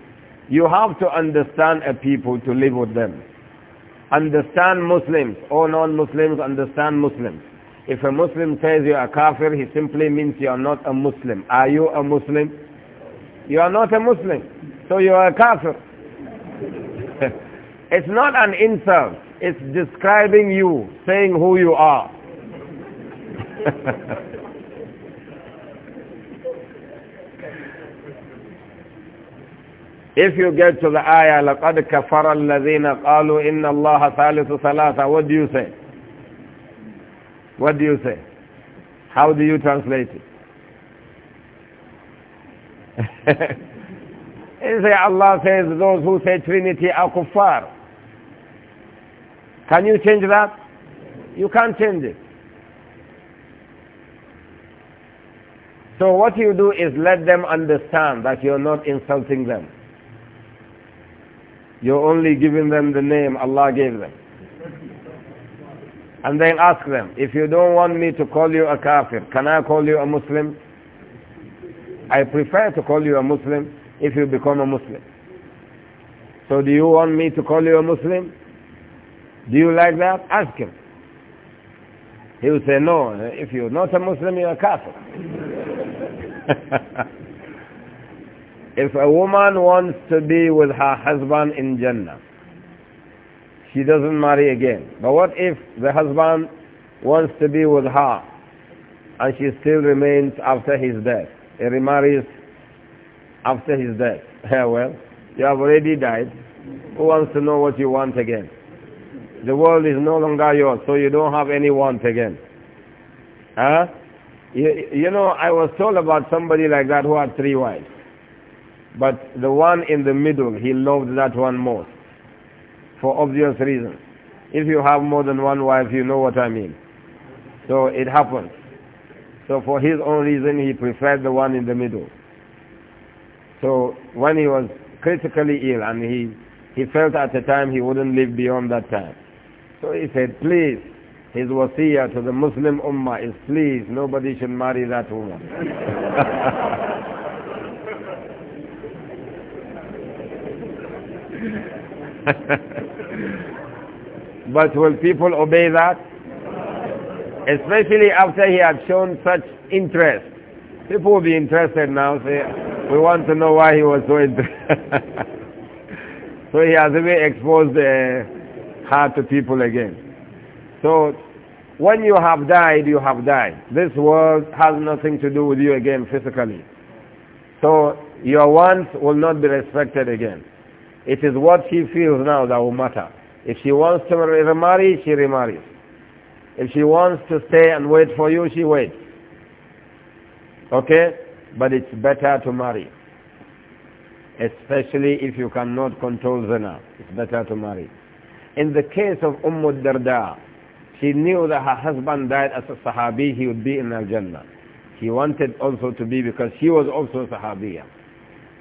You have to understand a people to live with them. Understand Muslims or non-Muslims, understand Muslims. If a Muslim says you are kafir, he simply means you are not a Muslim. Are you a Muslim? You are not a Muslim, so you are a kafir. It's not an insult. It's describing you, saying who you are. if you get to the ayah, لَقَدْ كَفَرَ الَّذِينَ قَالُوا إِنَّ اللَّهَ ثَالِثُ ثَلَاثَ What do you say? What do you say? How do you translate it? you say Allah says those who say Trinity are kuffar. Can you change that? You can't change it. So what you do is let them understand that you're not insulting them. You're only giving them the name Allah gave them. And then ask them, if you don't want me to call you a kafir, can I call you a Muslim? I prefer to call you a Muslim if you become a Muslim. So do you want me to call you a Muslim? Do you like that? Ask him. He will say, no, if you're not a Muslim, you're a Catholic. if a woman wants to be with her husband in Jannah, she doesn't marry again. But what if the husband wants to be with her and she still remains after his death? He remarries after his death. well, you have already died. Who wants to know what you want again? The world is no longer yours, so you don't have any want again. Huh? You, you know, I was told about somebody like that who had three wives. But the one in the middle, he loved that one most. For obvious reasons. If you have more than one wife, you know what I mean. So it happens. So for his own reason, he preferred the one in the middle. So when he was critically ill and he, he felt at the time he wouldn't live beyond that time, so he said, please, his wasiyah to the Muslim ummah is please, nobody should marry that woman. but will people obey that? Especially after he had shown such interest. People will be interested now, say, we want to know why he was so interested. so he has even exposed uh, hard to people again. So when you have died, you have died. This world has nothing to do with you again physically. So your wants will not be respected again. It is what she feels now that will matter. If she wants to remarry, she remarries. If she wants to stay and wait for you, she waits. Okay? But it's better to marry. Especially if you cannot control zina. It's better to marry. In the case of Umm al-Darda, she knew that her husband died as a Sahabi, he would be in Al-Jannah. He wanted also to be because she was also a Sahabiya.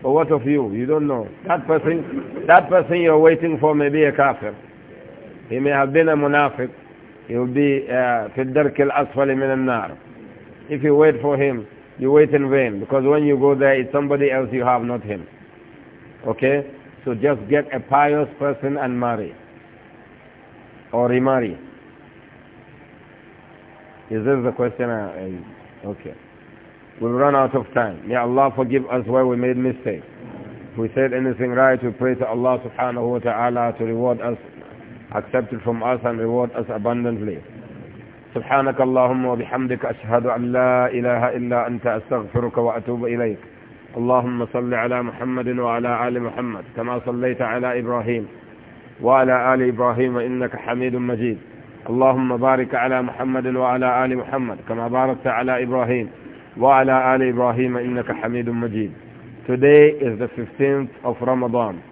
But what of you? You don't know. That person, that person you're waiting for may be a kafir. He may have been a munafiq. He will be uh, al الدرك min al النار. If you wait for him, you wait in vain because when you go there, it's somebody else you have, not him. Okay? So just get a pious person and marry or remarry? Is this the question? I, okay. We've run out of time. May Allah forgive us where we made mistakes. If we said anything right, we pray to Allah subhanahu wa ta'ala to reward us, accept it from us and reward us abundantly. سبحانك اللهم وبحمدك أشهد أن لا إله إلا أنت أستغفرك وأتوب إليك اللهم صل على محمد وعلى آل محمد كما صليت على إبراهيم وعلى آل إبراهيم إنك حميد مجيد اللهم بارك على محمد وعلى آل محمد كما باركت على إبراهيم وعلى آل إبراهيم إنك حميد مجيد Today is the 15th of Ramadan.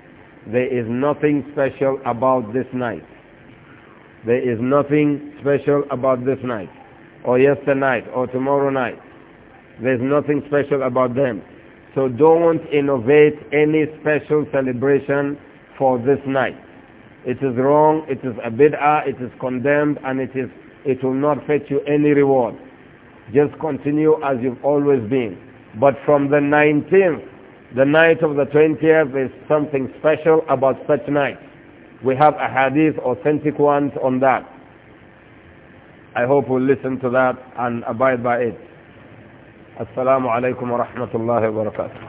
There is nothing special about this night. There is nothing special about this night, or yesterday night, or tomorrow night. There's nothing special about them. So don't innovate any special celebration for this night it is wrong, it is a bid'ah, it is condemned, and it, is, it will not fetch you any reward. Just continue as you've always been. But from the 19th, the night of the 20th, there's something special about such nights. We have a hadith, authentic ones on that. I hope we'll listen to that and abide by it. Assalamu alaikum wa rahmatullahi wa barakatuh.